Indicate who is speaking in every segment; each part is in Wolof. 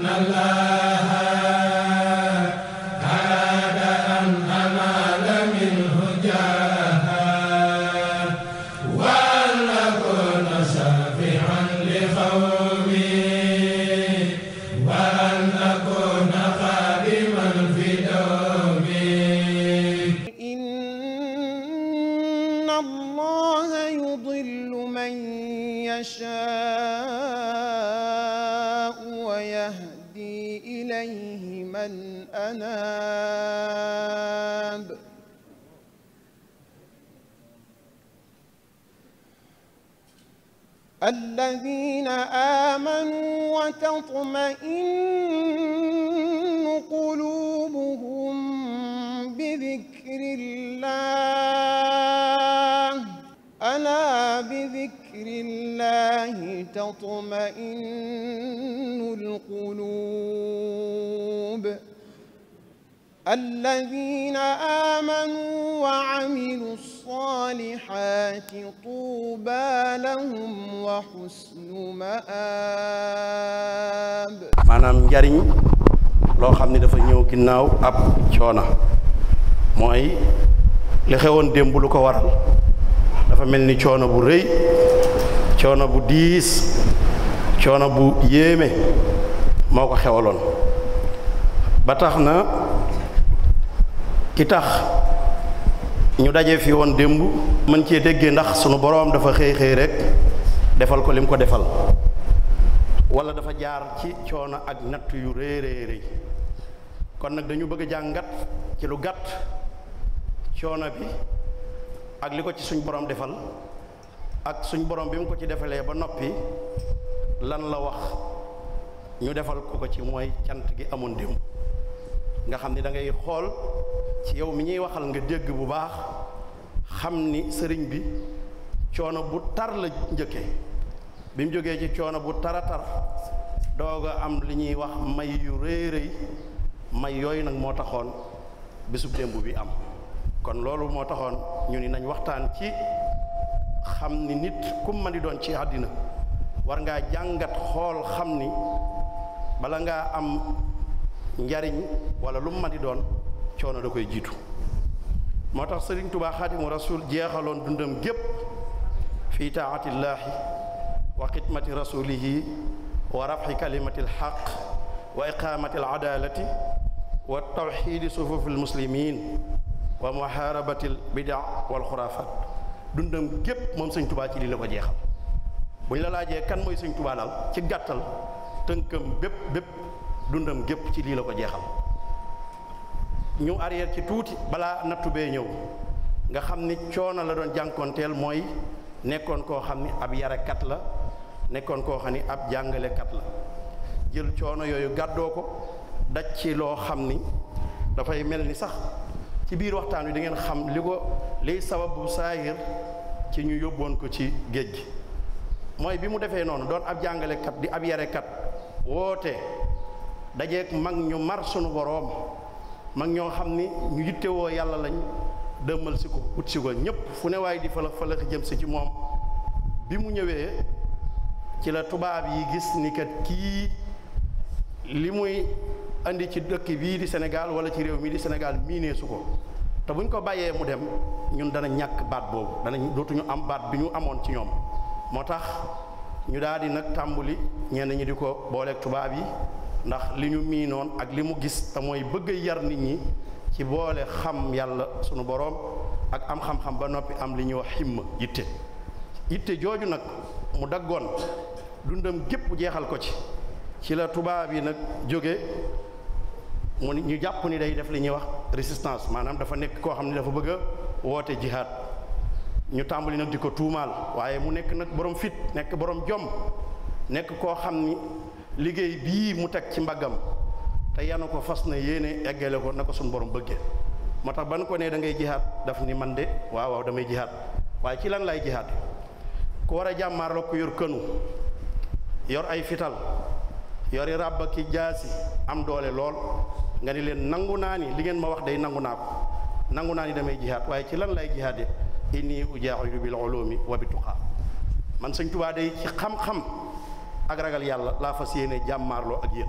Speaker 1: na la الذين آمنوا وتطمئن قلوبهم بذكر الله ألا بذكر الله تطمئن القلوب الذين آمنوا وعملوا الصالحات الصالحات طوبى لهم وحسن njariñ loo xam ne dafa ñëw ginnaaw ab coona mooy li xewoon démb lu ko waral dafa mel ni coono bu rëy coono bu diis coono bu yéeme moo ko xewaloon ba tax na ki tax ñu daje fi woon démb mën cee déggee ndax sunu boroom dafa xëy xëy rek defal ko lim ko defal wala dafa jaar ci coono ak natt yu rëy rëy kon nag dañu bëgg a jàngat ci lu gàtt coono bi ak li ko ci suñ borom defal ak suñ borom bi mu ko ci defalee ba noppi lan la wax ñu defal ko ko ci mooy cant gi amoon démb nga xam ni da ngay xool ci yow mi ñuy waxal nga dégg bu baax xam ni sëriñ bi coono bu tar la njëkke bi mu jógee ci coono bu tara tar doog a am li ñuy wax may yu rëy rëy may yooyu nag moo taxoon bésub démb bi am kon loolu moo taxoon ñu ni nañ waxtaan ci xam ni nit ku mën di doon ci àddina war ngaa jàngat xool xam ni bala ngaa am njariñ wala lu mu mën di doon coono da koy jiitu moo tax sëriñ tubaa xaadimu rasul jeexaloon dundam gépp fi taatillaahi wa xidmati rasulihi wa rafxi kalimati alxaq wa iqaamati aladalati wa tawxidi sufuufi almuslimin wa muhaarabati albidaa walxuraafaat dundam gépp moom sëñ tubaa ci lii la ko jeexal bu ñu la laajee kan mooy sëñ tubaa daal ci gàttal tënkam bépp bépp dundam gépp ci lii la ko jeexal ñu arrière ci tuuti balaa nattu bee ñëw nga xam ni coono la doon jànkoonteel mooy nekkoon koo xam ni ab yarekat la nekkoon koo xam ni ab jàngalekat la jël coono yooyu gàddoo ko daj ci loo xam ni dafay mel ni sax ci biir waxtaan wi di ngeen xam li ko liy sababu saahir ci ñu yóbboon ko ci géej gi mooy bi mu defee noonu doon ab jàngalekat di ab yarekat woote dajeeg mag ñu mar sunu boroom mag ñoo xam ni ñu yittewoo yàlla lañ dëmmal si ko ut si ko ñépp fu ne waaye di falax falax jëm si ci moom bi mu ñëwee ci la tubaab yi gis ni kat kii li muy indi ci dëkk bii di Sénégal wala ci réew mii di Sénégal miinee ko te bu ñu ko bàyyee mu dem ñun dana ñàkk baat boobu dana dootuñu am baat bi ñu amoon ci ñoom moo tax ñu daldi nag tàmbuli ñenn ñi di ko booleeg tubaab yi ndax li ñu miinoon ak li mu gis te mooy bëgg a yar nit ñi ci boole xam yàlla sunu boroom ak am xam-xam ba noppi am li ñuy wax ximm yitte yitte jooju nag mu daggoon dundam gépp jeexal ko ci ci la tubaab yi nag jóge mu ñu jàpp ni day def li ñuy wax résistance maanaam dafa nekk koo xam ne dafa bëgg woote jihaad ñu tàmbali nag di ko tuumaal waaye mu nekk nag boroom fit nekk boroom jomm nekk koo xam ni liggéey bii mu teg ci mbaggam te yanu ko fas na yéene eggale ko na ko suñu borom bëgge moo tax ba nu ko nee dangay ngay jihaat daf ni man de waaw damay jihaat waaye ci lan lay jihaat ku war a jàmmaar la ku yor kënu yor ay fital yori ràbba jaasi am doole lool nga ni leen nangu naa ni li ngeen ma wax day nangu naa ko nangu naa ni damay jihaat waaye ci lan lay jihaate inni ujaahidu bil ulumi man Sëñ Tuubaa day ci xam-xam ak ragal yàlla laa fas yéene jàmmaarloo ak yéen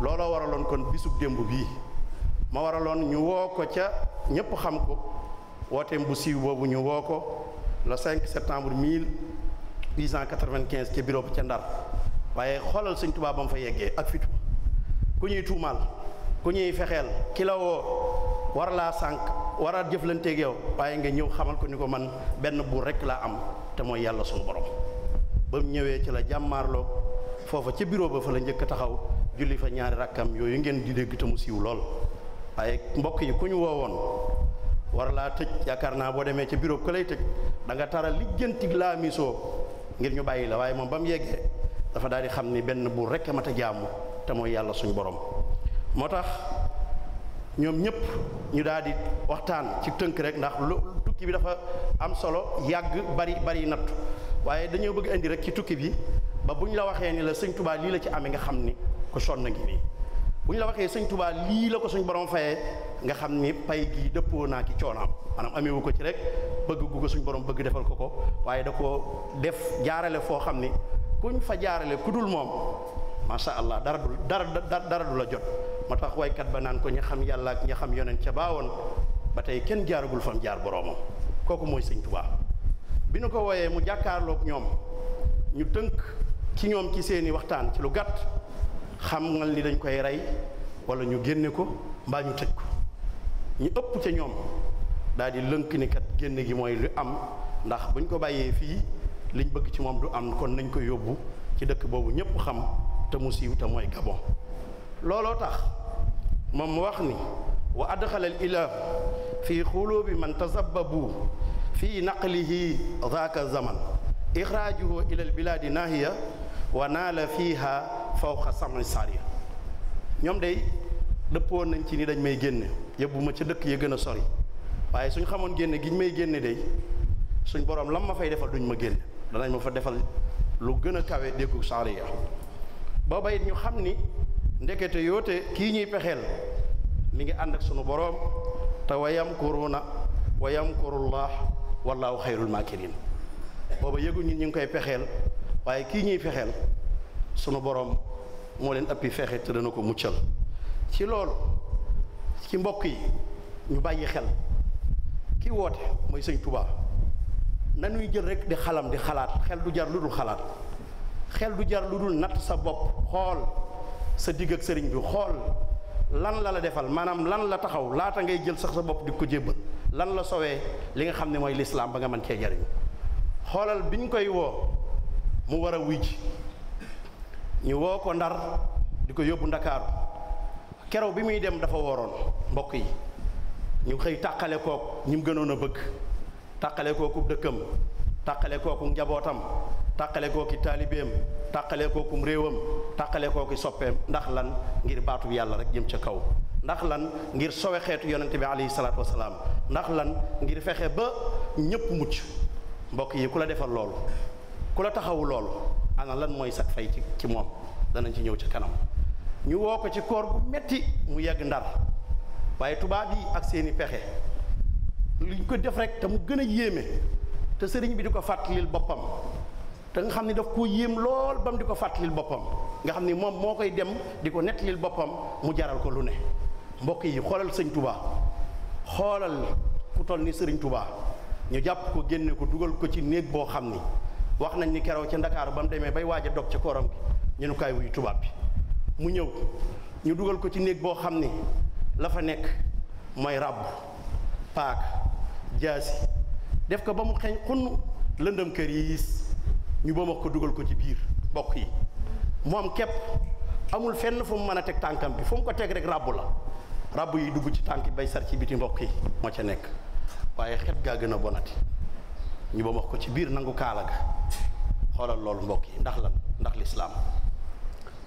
Speaker 1: looloo waraloon kon bisub démb bii ma waraloon ñu woo ko ca ñépp xam ko wooteem bu siiw boobu ñu woo ko le 5 septembre 1895 ca bureau ba ca Ndar waaye xoolal suñ Tuubaa ba fa yeggee ak fitu ku ñuy tuumaal ku ñuy fexeel ki la woo war laa sànq war a jëflanteeg yow waaye nga ñëw xamal ko ni ko man benn buur rek laa am te mooy yàlla sunu borom ba mu ñëwee ci la jàmmaarloo foofa ca bureau ba fa la njëkk taxaw julli fa ñaari rakkam yooyu ngeen di dégg te mu siiw lool waaye mbokk yi ku ñu woowoon war laa tëj yaakaar naa boo demee ca bureau ko lay tëj da nga tara lijjanti laa misoo ngir ñu bàyyi la waaye moom ba mu yeggee dafa daal di xam ni benn buur rekk mat a jaamu te mooy yàlla suñu borom moo tax ñoom ñëpp ñu daal di waxtaan ci tënk rek ndax lu tukki bi dafa am solo yàgg bari bari natt waaye dañoo bëgg indi rek ci tukki bi ba bu ñu la waxee ni la sëñ tubaa lii la ci amee nga xam ni ku sonn ngi nii bu ñu la waxee sëñ tubaa lii la ko suñ borom fayee nga xam ni pay gi dëppoo naa ci coonaam maanaam amewu ko ci rek bëgg gu ko suñ borom bëgg defal ko ko waaye da ko def jaarale foo xam ni kuñ fa jaarale ku dul moom macha allah dara dul dara dara du la jot moo tax waykat ba naan ko ña xam yàlla ak ña xam yonent ca baawoon ba tey kenn jaaragul fam jaar boroomam kooku mooy sëñ bi nu ko woyee mu jàkkaarloog ñoom ñu tënk ci ñoom ci seeni waxtaan ci lu gàtt xam nga ni dañ koy rey wala ñu génne ko mbaa ñu tëj ko ñu ëpp ca ñoom daal di lënk ni kat gi mooy lu am ndax buñ ko bàyyee fii liñ bëgg ci moom du am kon nañ ko yóbbu ci dëkk boobu ñépp xam te mu siiw te mooy Gabon looloo tax moom mu wax ni wa adxala al ilah fi xulubi man tasababu fi naqlihi dhaka zaman ixraajuhu ila albilaadi naahiya wa naala fiiha fawqa sami sariya ñoom day dëppoon nañ ci ni dañ may génne yóbbu ma ca dëkk ya gën a sori waaye suñ xamoon génne gi ñu may génne day suñ boroom lam ma fay defal duñ ma génne danañ ma fa defal lu gën a kawe déggu sariya booba it ñu xam ni ndekete yoote kii ñuy pexeel mi ngi ànd ak sunu boroom te wayam wa yamkuruuna wa yamkurullah wallaaw xayrul maakirin booba yëgu ñi ñu ngi koy pexeel waaye kii ñuy fexeel sunu boroom moo leen ëppi fexe te dana ko muccal ci loolu ci mbokk yi ñu bàyyi xel ki woote mooy sëñ Tuubaa nanuy jël rek di xalam di xalaat xel du jar lu dul xalaat xel du jar lu dul natt sa bopp xool sa digg ak sëriñ bi xool lan la la defal maanaam lan la taxaw laata ngay jël sax sa bopp di ko jébbal lan la sowee li nga xam ne mooy lislaam ba nga man kee jariñu xoolal bi ñu koy woo mu war a wujj ñu woo ko ndar di ko yóbbu ndakaaru keroog bi muy dem dafa waroon mbokk yi ñu xëy tàqale kook ñu gënoon a bëgg tàqale kooku dëkkam tàqale kooku njabootam tàqale kooki taalibeem tàqale kookum réewam tàqale kooki soppeem ndax lan ngir baatu yàlla rek jëm ca kaw ndax lan ngir sowe xeetu yonente bi alayhi salaatu wasalaam ndax lan ngir fexe ba ñépp mucc mbokk yi ku la defal loolu ku la taxawu loolu ana lan mooy sag fay ci ci moom danañ ci ñëw ci kanam ñu woo ko ci koor bu metti mu yegg ndar waaye tubaab yi ak seeni pexe liñ ko def rek te mu gën a yéeme te sëriñ bi di ko fàttalil boppam te nga xam ne daf koo yéem lool ba mu di ko fàttalil boppam nga xam ni moom moo koy dem di ko nettalil boppam mu jaral ko lu ne mbokk yi xoolal sëñ Touba xoolal ku toll ni sëriñ Touba ñu jàpp ko génne ko dugal ko ci néeg boo xam ni wax nañ ni keroog ci Ndakaaru ba mu demee bay waaja a dog ca kooram gi ñu nu kaay wuyu tubaab bi mu ñëw ñu dugal ko ci néeg boo xam ni la fa nekk mooy ràbb paak jaasi def ko ba mu xeeñ xunn lëndëm kër yi yiis ñu bamax ko dugal ko ci biir mbokk yi moom képp amul fenn fu mu mën a teg tànkam bi fu mu ko teg rek ràbbu la ràbb yi dugg ci tànk bay sar ci biti mbokk yi moo ca nekk waaye xet gaa gën a bonati ñu ba wax ko ci biir nangu kaala ga xoolal loolu mbokk yi ndax la ndax lislaam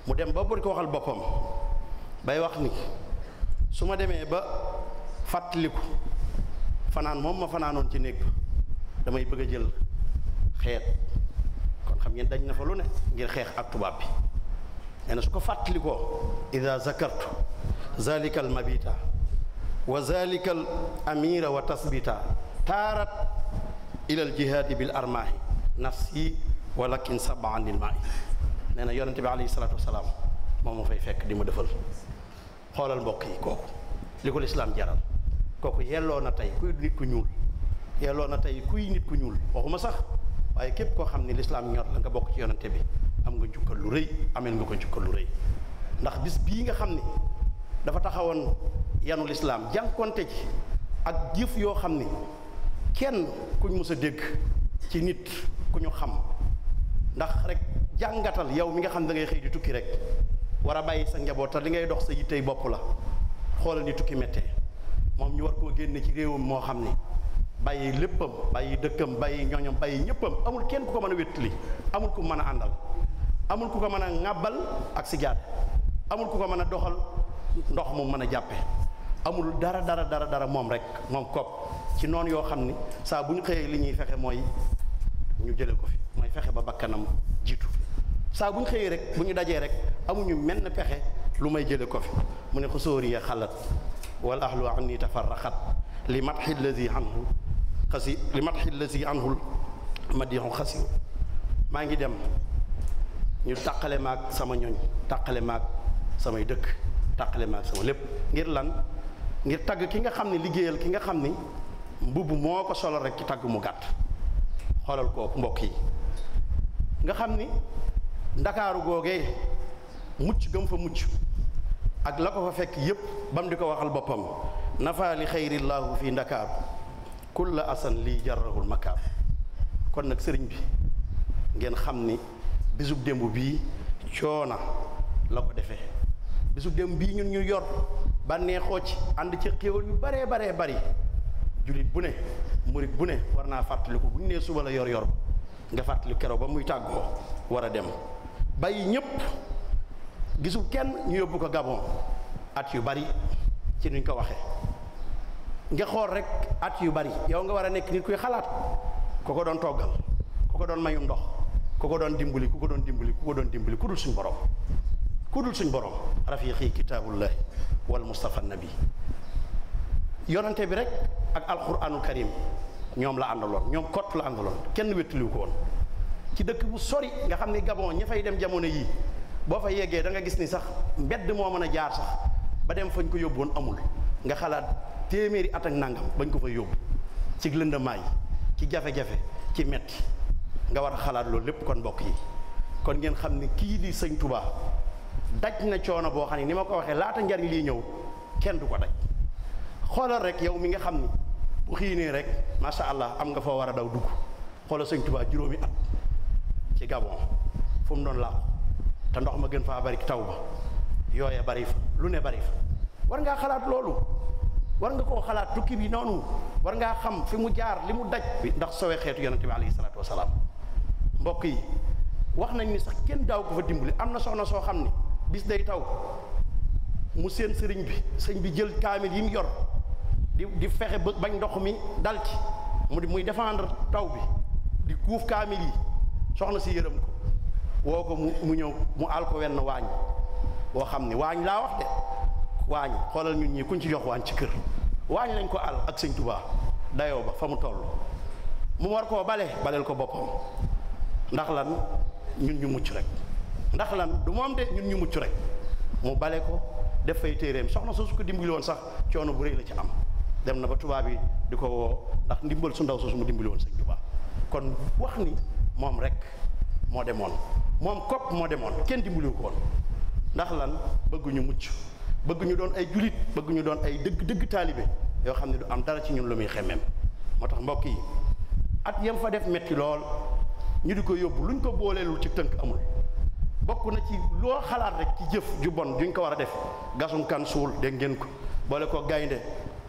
Speaker 1: mu dem ba buñ ko waxal boppam bay wax ni su ma demee ba fàttaliku fanaan moom ma fanaanoon ci néeg ba damay bëgg a jël xeet kon xam ngeen dañ na fa lu ne ngir xeex ak tubaab bi nee na su ko fàttalikoo ida zakartu zalika al mabita wa zalika al wa tasbita taarat ila al jihaadi bil armaahi nafsi walakin saba anil maahi na yonente bi alayhi salaatu ma fay fekk di ma defal xoolal mbokk yi kooku ko lislaam jaral kooku yelloo na tey kuy ñuul yelloo na tey kuy nit ku ñuul sax waaye képp koo xam ne lislaam ñor la nga bokk ci yonente bi am nga njukkal lu rëy ameel nga ko njukkal lu ndax bis bii nga xam ni dafa taxawoon yanu lislaam jànkonte ci ak jëf yoo xam ni kenn kuñ mës a dégg ci nit ku ñu xam ndax rek jàngatal yow mi nga xam ne dangay xëy di tukki rek war a bàyyi sa njaboot li ngay dox sa yittey bopp la xoolal ni tukki méttee moom ñu war koo génne ci réewam moo xam ni bàyyi léppam bàyyi dëkkam bàyyi ñooñam bàyyi ñëppam amul kenn ku ko mën a wéttali amul ku mën a àndal amul ku ko mën a ŋàbbal ak sigaat amul ku ko mën a doxal ndox mu mën a jàppe amul dara dara dara dara moom rek moom kopp ci noonu yoo xam ni saa bu ñu xëyee li ñuy fexe mooy ñu jële ko fi mooy fexe ba bakkanam jiitu saa bu ñu xëyee rek bu ñu dajee rek amuñu menn pexe lu may jële ko fi mu ne xusóori ya xalat wal ahlu anni tafarraxat li matxi lazi anhu xasi li matxi lazi anhul madixu xasi maa ngi dem ñu tàqale maag sama ñoñ tàqale maag samay dëkk tàqale ma ak sama lépp ngir lan ngir tagg ki nga xam ne liggéeyal ki nga xam ni mbubb moo ko solo rek ci tagg mu gàtt xoolal kook mbokk yi nga xam ni ndakaaru googee mucc gëm fa mucc ak la ko fa fekk yépp bam di ko waxal boppam nafa li xayrillaahu fi ndakaaru kulla asan lii jarrahul makaab kon nag sëriñ bi ngeen xam ni bisub démb bii coona la ko defee bisu dem bii ñun ñu yor bànneexoo ci ànd ci xéewal yu baree baree bari jullit bu ne murit bu ne war naa fàttaliku bu ñu nee suba la yor yor nga fàttali keroog ba muy ko war a dem bàyyi ñépp gisu kenn ñu yóbbu ko Gabon at yu bari ci nuñ ko waxee nga xool rek at yu bari yow nga war a nekk nit kuy xalaat ku ko doon toggal ku ko doon mayum ndox ku ko doon dimbali ku ko doon dimbali ku ko doon dimbali ku dul suñu borom ku suñ borom rafiqi kitaabullahi wal mustafa nabi yonante bi rek ak alquranul karim ñoom la àndaloon ñoom kott la àndaloon kenn wettaliwu ko woon ci dëkk bu sori nga xam ni gabon ña fay dem jamono yii boo fa yeggee danga gis ni sax mbedd moo mën a jaar sax ba dem fañ ko yóbbu woon amul nga xalaat téeméeri at ak nangam bañ ko fa yóbbu ci lëndamaay ci jafe-jafe ci metti nga war xalaat loolu lépp kon mbokk yi kon ngeen xam ne kii di sëñ Touba daj na coono boo xam ne ni ma ko waxee laata njariñ lii ñëw kenn du ko daj xoolal rek yow mi nga xam ni bu xiinee rek macha allah am nga foo war a daw dugg xoolal sëñ Tuubaa juróomi at ci Gabon fu mu doon làqu te ndox ma gën faa bari taw ba yooya bari fa lu ne bari fa war ngaa xalaat loolu war nga koo xalaat tukki bi noonu war ngaa xam fi mu jaar li mu daj bi ndax sowe xeetu yonente bi alayhi salaatu wasalaam mbokk yi wax nañ ni sax kenn daaw ko dimbali am na soxna soo xam ni bis day taw mu seen sëriñ bi sëñ bi jël kaamil yi mu yor di di fexe ba bañ ndox mi dal ci mu di muy défendre taw bi di kuuf kaamil yi soxna si yërëm ko woo ko mu mu ñëw mu àll ko wenn waañ boo xam ni waañ laa wax de waañ xoolal ñun ñi kuñ ci jox waañ ci kër waañ lañ ko àll ak sëñ Tuubaa dayoo ba fa mu toll mu war koo bale baleel ko boppam ndax lan ñun ñu mucc rek ndax lan du moom de ñun ñu mucc rek mu bale ko def fay téeréem soxna soosu ko dimbali woon sax coono bu réy la ci am dem na ba tubaab yi di ko woo ndax ndimbal su ndaw soosu mu dimbali woon sëñ Tuubaa kon wax ni moom rek moo demoon moom kopp moo demoon kenn dimbaliwu ko woon ndax lan bëgguñu mucc bëgguñu doon ay julit bëgguñu doon ay dëgg dëgg taalibe yoo xam ne du am dara ci ñun lu muy xemmeem moo tax mbokk yi at yam fa def metti lool ñu di ko yóbbu luñ ko booleelul ci tënk amul bokk na ci loo xalaat rek ci jëf ju bon juñ ko war a def gasum kan suul dégg ngeen ko boole ko gaynde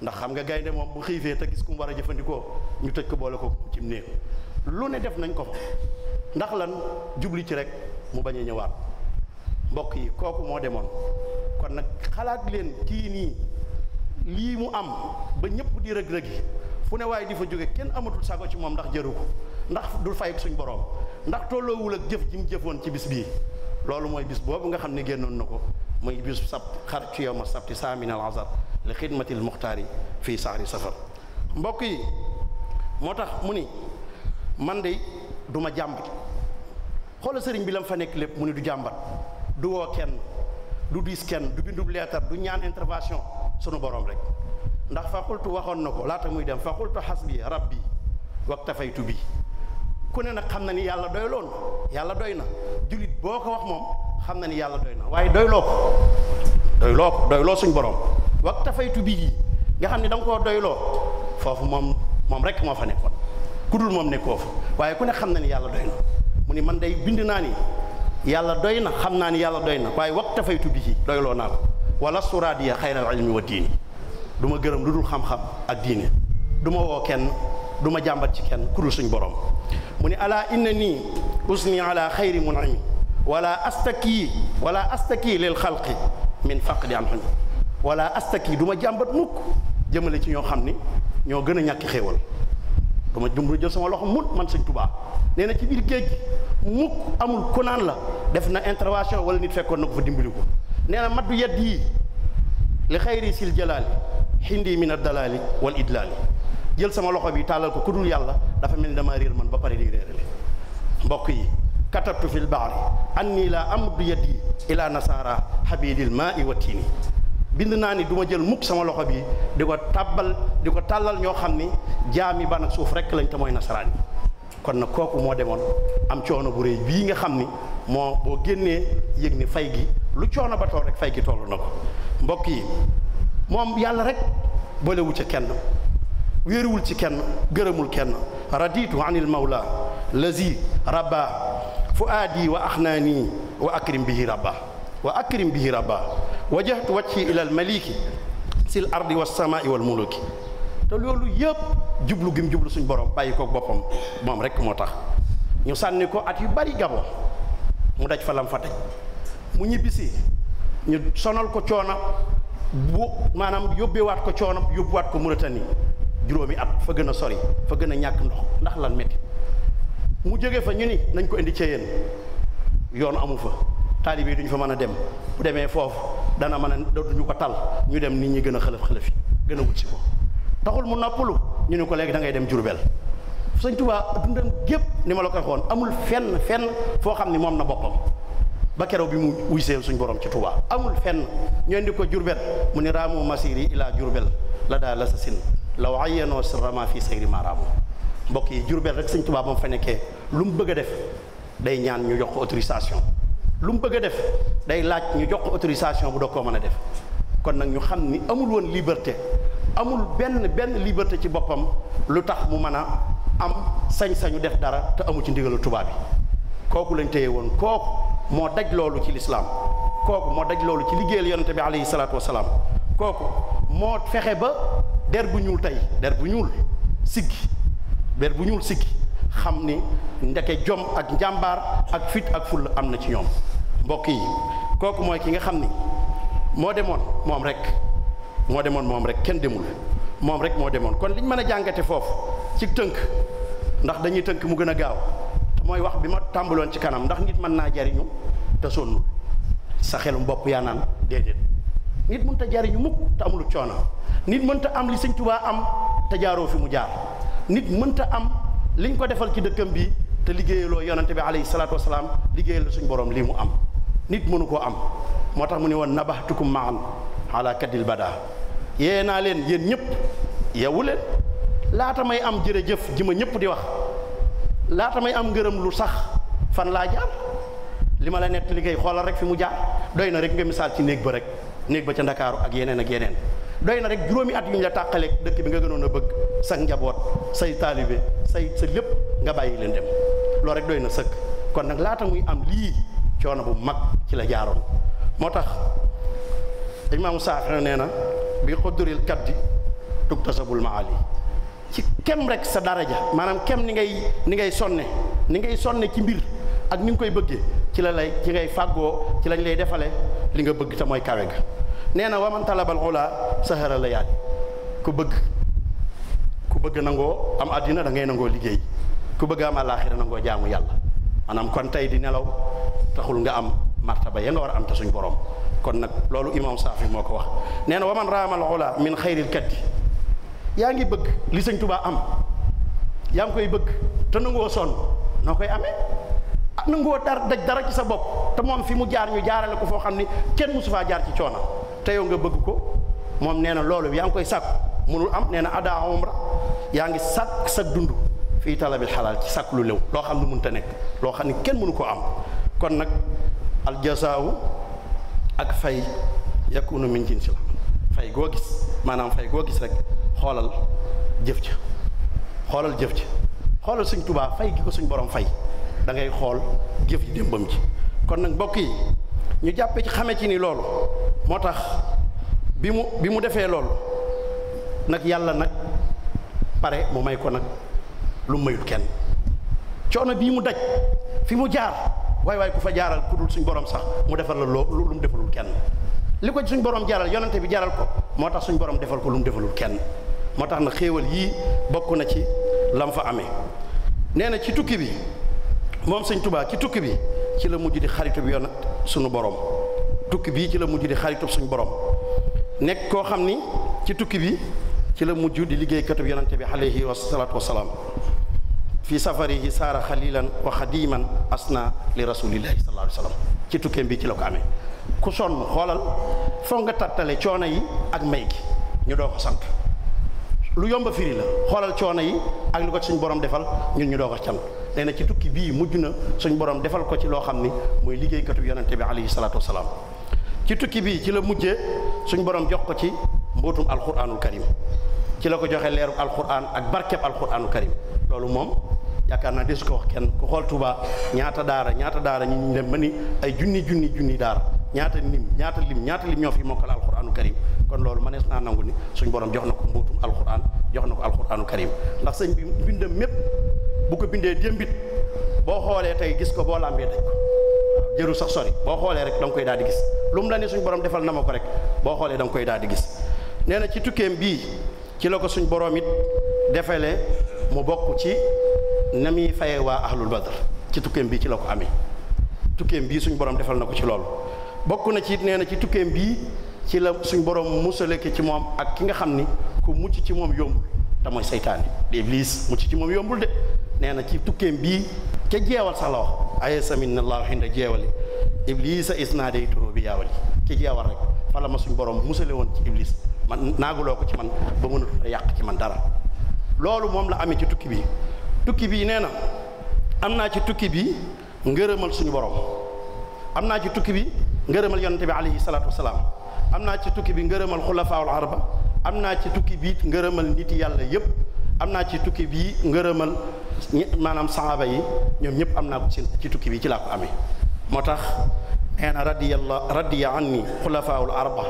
Speaker 1: ndax xam nga gaynde moom bu xiifee te gis ku mu war a jëfandikoo ñu tëj ko boole ko cim néeg lu ne def nañ ko ndax lan jubli ci rek mu bañ a ñëwaat mbokk yi kooku moo demoon kon nag xalaat leen kii nii lii mu am ba ñëpp di rëg-rëg yi fu ne waaye di fa jóge kenn amatul sago ci moom ndax jëru ko ndax du fay suñ boroom ndax tolloowul ak jëf ji jëfoon ci bis bii loolu mooy bis boobu nga xam ne génnoon na ko muy bisu sabt xar ci yow ma sabti saaminal azar li xidmatil muxtaari fii saxri safar mbokk yi moo tax mu ni man de duma ma jàmbat xoola sëriñ bi la mu fa nekk lépp mu ni du jàmbat du woo kenn du diis kenn du bindub leetar du ñaan intervention sunu boroom rek ndax faqultu waxoon na ko laata muy dem faqultu xasbi bi waktafaytu bi ku ne nag xam na ni yàlla doy loon yàlla doy na jullit boo ko wax moom xam na ni yàlla doy na waaye doy loo ko doy loo ko doy suñ borom wax tafaytu bi gi nga xam ne da koo doyloo foofu moom moom rek moo fa nekkoon ku dul moom nekkoo fa waaye ku ne xam na ni yàlla doy na mu ni man dey bind naa ni yàlla doy na xam naa ni yàlla doy na waaye wax tafaytu bi gi doy loo naa ko wala suraadiya xayral ilmi wa diini du ma gërëm lu dul xam-xam ak diine du ma woo kenn duma ma jàmbat ci kenn ku dul suñ boroom mu usni ala xayri munami wala astaki wala astaki lil xalqi min faqdi an xami wala astaki du ma jàmbat mukk jëmale ci ñoo xam ni ñoo gën a ñàkk xéewal du ma jumbru jël sama loxo mut man sëñ tubaa nee na ci biir géej gi mukk naan la def na intervention wala nit fekkoon na ko fa dimbali ko nee mat maddu yedd yi li xayri sil jalaali xindi min addalaali wal idlaali jël sama loxo bi tàllal ko ku dul yàlla dafa mel ni damaa réer man ba pare di réerale mbokk yi katabtu fil bahri anni la amdu yadi ila nasara habidil ma i wa bind naa ni duma jël mukk sama loxo bi di ko tàbbal di ko tàllal ñoo xam ni jaami ban ak suuf rekk lañ te mooy nasaraan yi kon nag kooku moo demoon am coono bu réy bii nga xam ni moo boo génnee yëg ni fay gi lu coono ba tool rek fay gi toll na ko mbokk yi moom yàlla rek boolewu ci kenn wéeruwul ci kenn gërëmul kenn raditu anil mawla lazi rabba fuaadi wa axnaani wa akrim bihi rabba wa akrim bihi rabba wajahtu wajhi ila al si sil ardi was samaai wal muluki te loolu yëpp jublu gi mu jublu suñ borom bàyyi ko boppam moom rek moo tax ñu sànni ko at yu bari gaboo mu daj fa lam fa daj mu ñibbisi ñu sonal ko coono bu maanaam yóbbee waat ko coono yóbbuwaat ko Mauritanie juróomi at fa gën a sori fa gën a ñàkk ndox ndax lan metti mu jóge fa ñu ni nañ ko indi Ceyeen yoon amu fa taalibe yi duñ fa mën a dem bu demee foofu dana mën a dootuñu ko tal ñu dem nit ñi gën a xëlëf xëlëf yi gën a ko taxul mu noppalu ñu ni ko léegi da ngay dem Jurbel Sëñ Tuubaa dundam ni ma la koy xoon amul fenn fenn foo xam ni moom na boppam ba keroog bi mu wuy seen suñ borom ci Tuubaa amul fenn ñu indi ko Jurbel mu ni raamu masiri ilaa Jurbel la daal la sa sin law ayyanoo sirrama fii sayri maaraamu mbokk yi Jurbel rek Sëñ Tuubaa ba fa nekkee lu mu bëgg a def day ñaan ñu jox ko autorisation lu mu bëgg a def day laaj ñu jox autorisation bu doo koo mën a def kon nag ñu xam ni amul woon liberté amul benn benn liberté ci boppam lu tax mu mën a am sañ-sañu def dara te amu ci ndigalu tubaab bi kooku lañ téye woon kooku moo daj loolu ci lislaam kooku moo daj loolu ci liggéeyal yonente bi alayhi salaatu wasalaam kooku moo fexe ba der bu ñuul tey der bu ñuul siggi der bu ñuul siggi xam ni ndeke jom ak njàmbaar ak fit ak fulla am na ci ñoom mbokk yi kooku mooy ki nga xam ni moo demoon moom rek moo demoon moom rek kenn demul moom rek moo demoon kon liñ mën a jàngate foofu ci tënk ndax dañuy tënk mu gën a gaaw mooy wax bi ma tàmbaloon ci kanam ndax nit mën naa jariñu te sonnul sa xelu mbopp yaa naan déedéet nit mënta jariñu mukk te amul coono nit mënta am li sëñ Tuubaa am te jaaroo fi mu jaar nit mënta am liñ ko defal ci dëkkam bi te liggéeyaloo yonante bi alayhi salaatu wasalaam liggéeyal la suñ borom lii mu am nit mënu koo am moo tax mu ne woon nabaxtukum maan ala kadil bada yee naa leen yéen ñëpp yewu leen laata may am jërëjëf ji ma ñëpp di wax laata may am ngërëm lu sax fan laa jaar li ma la nett liggéey ngay xoolal rek fi mu jaar doy na rek nga misaal ci néeg ba rek néeg ba ca ndakaaru ak yeneen ak yeneen doy na rek juróomi at yuñ la tàqaleeg dëkk bi nga gënoon a bëgg sa njaboot say taalibe say sa lépp nga bàyyi leen dem loolu rek doy na sëkk kon nag laata muy am lii coono bu mag ci la jaaroon moo tax imaamu Saafi nee na bi xudduril kat di tuktasabul maali ci kem rek sa daraja maanaam kem ni ngay ni ngay sonne ni ngay sonne ci mbir ak ni nga koy bëggee ci la lay ci ngay fàggoo ci lañ lay defale li nga bëgg te mooy kawe ga nee na waman talabal ula sahara la yaali ku bëgg ku bëgg nangoo am àddina da ngay nangoo liggéey ku bëgg am àllaaxira nangoo jaamu yàlla maanaam kon tey di nelaw taxul nga am martaba ya nga war a am te suñ borom kon nag loolu imoom Saafi moo ko wax nee na waman raamal ula min xayril kaddi yaa ngi bëgg li sëñ Tuubaa am yaa ngi koy bëgg te nangoo sonn noo koy amee ah, nangoo dar daj dara ci sa bopp te moom fi mu jaar ñu jaarale ko foo xam ni kenn mosu faa ci coona te nga bëgg ko moom nee na loolu yaa ngi koy sàkku mënul am nee na ada umra yaa ngi sàkk sa dund fii talabil xalaal ci sàkk lu lew loo xam ne mënta nekk loo xam ne kenn mënu koo am kon nag aljazaawu ak fay yakunu min jinsi la fay goo gis maanaam fay goo gis rek xoolal jëf ja xoolal jëf ji xoolal suñ tubaa fay gi ko suñ borom fay dangay xool jëf ji démbam ji kon nag mbokk yi ñu jàppe ci xame ci ni loolu moo tax bi mu bi mu defee loolu nag yàlla nag pare mu may ko nag lu mayul kenn coono bii mu daj fi mu jaar waaye waay ku fa jaaral ku suñ borom sax mu defal la loo lu mu defalul kenn li ko suñ borom jaral yonente bi jaaral ko moo tax suñ borom defal ko lu mu defalul kenn moo tax na xéewal yii bokk na ci lam fa amee nee na ci tukki bi moom sëñ Tuubaa ci tukki bi ci la mujj di xaritu bi yoon suñu borom tukki bii ci la mujj di xaritub suñu borom nekk koo xam ni ci tukki bi ci la mujj di liggéey katub yonante bi alayhi wasalaatu wasalaam fi safarihi saara xalilan wa xadiman asna li rasulillahi sallallahu alayhi wasallam ci tukkeem bi ci la ko amee ku sonn xoolal foog nga tattale coono yi ak may gi ñu doo ko sant lu yomba firi la xoolal coono yi ak li ko suñ borom defal ñun ñu doo ko can nee ci tukki bii mujj na suñ borom defal ko ci loo xam ni mooy liggéeykatu yonente bi alayhi salaatu wasalaam ci tukki bii ci la mujjee suñ borom jox ko ci mbootum alquranul karim ci la ko joxe leeru alquran ak barkeb alquranul karim loolu moom yaakaar naa des ko wax kenn ku xool Touba ñaata daara ñaata daara ñu ñu dem ba ni ay junni junni junni daara ñaata lim ñaata lim ñaata lim ñoo fi mokkal alxuraanu karim kon loolu mënees naa nangu ni suñ borom jox na ko mbóotum alxuraan jox na ko alxuraanu karim ndax sëñ bi bindam mépp bu ko bindee démbit boo xoolee tey gis ko boo làmbee daj ko jëru sax sori boo xoolee rek da koy daal di gis lu mu la ne suñ borom defal na ko rek boo xoolee da koy daal gis nee na ci tukkeem bii ci la ko suñ boroom it defale mu bokk ci na muy fayee waa ahlul badr ci tukkeem bii ci la ko amee tukkeem bii suñ borom defal na ko ci loolu bokk na ci nee na ci tukkeem bii ci la suñ borom musale ki ci moom ak ki nga xam ni ku mucc ci moom yombul te mooy seytaane di iblis mucc ci moom yombul de nee na ci tukkeem bii ca jeewal sax la wax aye samin na laaw xinda jeewali iblisa is naa day turóo bi yaawali ci jeewal rek fa la ma suñ borom musale woon ci iblis man naaguloo ko ci man ba mënatut a yàq ci man dara loolu moom la amee ci tukki bi tukki bi nee na am naa ci tukki bi ngërëmal suñu borom am naa ci tukki bi ngërëmal yonente bi alayhi salaatu am naa ci tukki bi ngërëmal xulafaawul araba am naa ci tukki bi ngërëmal nit yàlla yépp am naa ci tukki bi ngërëmal maanaam saxaaba yi ñoom ñëpp am naa bu ko ci tukki bii ci laa ko amee moo tax nee na radiyallah radiya anni xulafaawul arba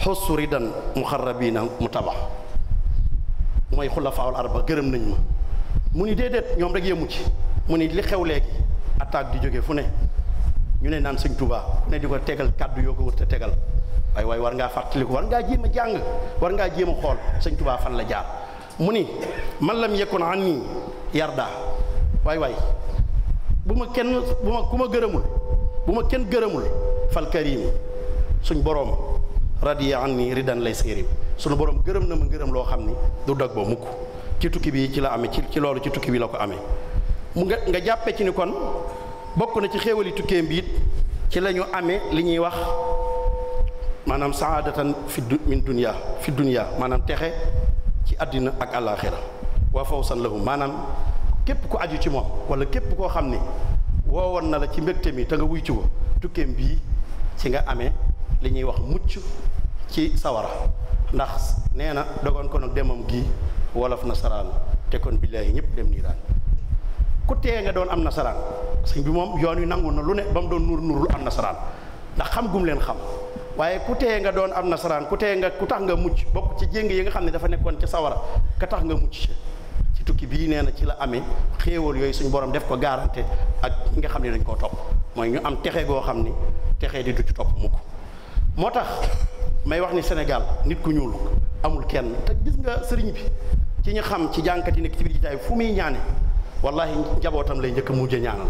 Speaker 1: xossu ridan muxarrabiina mu tabax mooy xulafaawul arba gërëm nañ ma mu ni déedéet ñoom rek yëmu ci mu ni li xew léegi attaque di jóge fu ne ñu ne naan sëñ tubaa ku ne di ko tegal kàddu yoo ko wut te tegal waaye waaye war ngaa fàttaliku war ngaa jéem a jàng war ngaa jéem a xool sañ tubaa fan la jaar mu ni man lam yekkoon an nii yarda waay waay bu ma kenn bu ma gërëmul bu ma kenn gërëmul fal suñ boroom radiya am nii ridan lay séerim suñu borom gërëm na ma gërëm loo xam ni du dog ba mukk ci tukki bi ci la amee ci ci loolu ci tukki bi la ko amee mu nga nga jàppe ci ni kon bokk na ci xéewali tukkee mbiit ci la ñu amee li ñuy wax maanaam saadatan fi min dunia fi dunia maanaam texe ci àddina ak àllaaxira waa fawsan lahum maanaam képp ku aju ci moom wala képp koo xam ni woowoon na la ci mbégte mi te nga wuy ci ko tukkeem bii ci nga amee li ñuy wax mucc ci sawara ndax nee na dogoon ko nag demam gii wolof nasaraan te kon billaahi ñëpp dem niiraan ku tee nga doon am nasaraan sëñ bi moom yoon wi nangu na lu ne ba mu doon nuur nuur lu am nasaraan ndax xam gum leen xam waaye ku teye nga doon am nasaraan ku teye nga ku tax nga mucc bokk ci jéng yi nga xam ne dafa nekkoon ca sawara ka tax nga mucc ci tukki bii nee na ci la amee xéewal yooyu suñu borom def ko garanté ak nga xam ne dañ koo topp mooy ñu am texe goo xam ni texe di du ci topp mukk moo tax may wax ni Sénégal nit ku ñuul amul kenn te gis nga sëriñ bi ci ñu xam ci jànkat yi nekk ci biir fu muy ñaane wallahi njabootam lay njëkk mujj ñaanal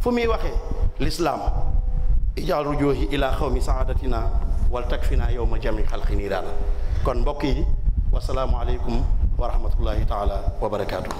Speaker 1: fu muy waxee l'islaam ijaal rujuhi ila xawmi saadatina wal takfina yowma jami xalqi nii daala kon mbokk yi wasalaamu aleykum wa rahmatullahi taala wa barakaatu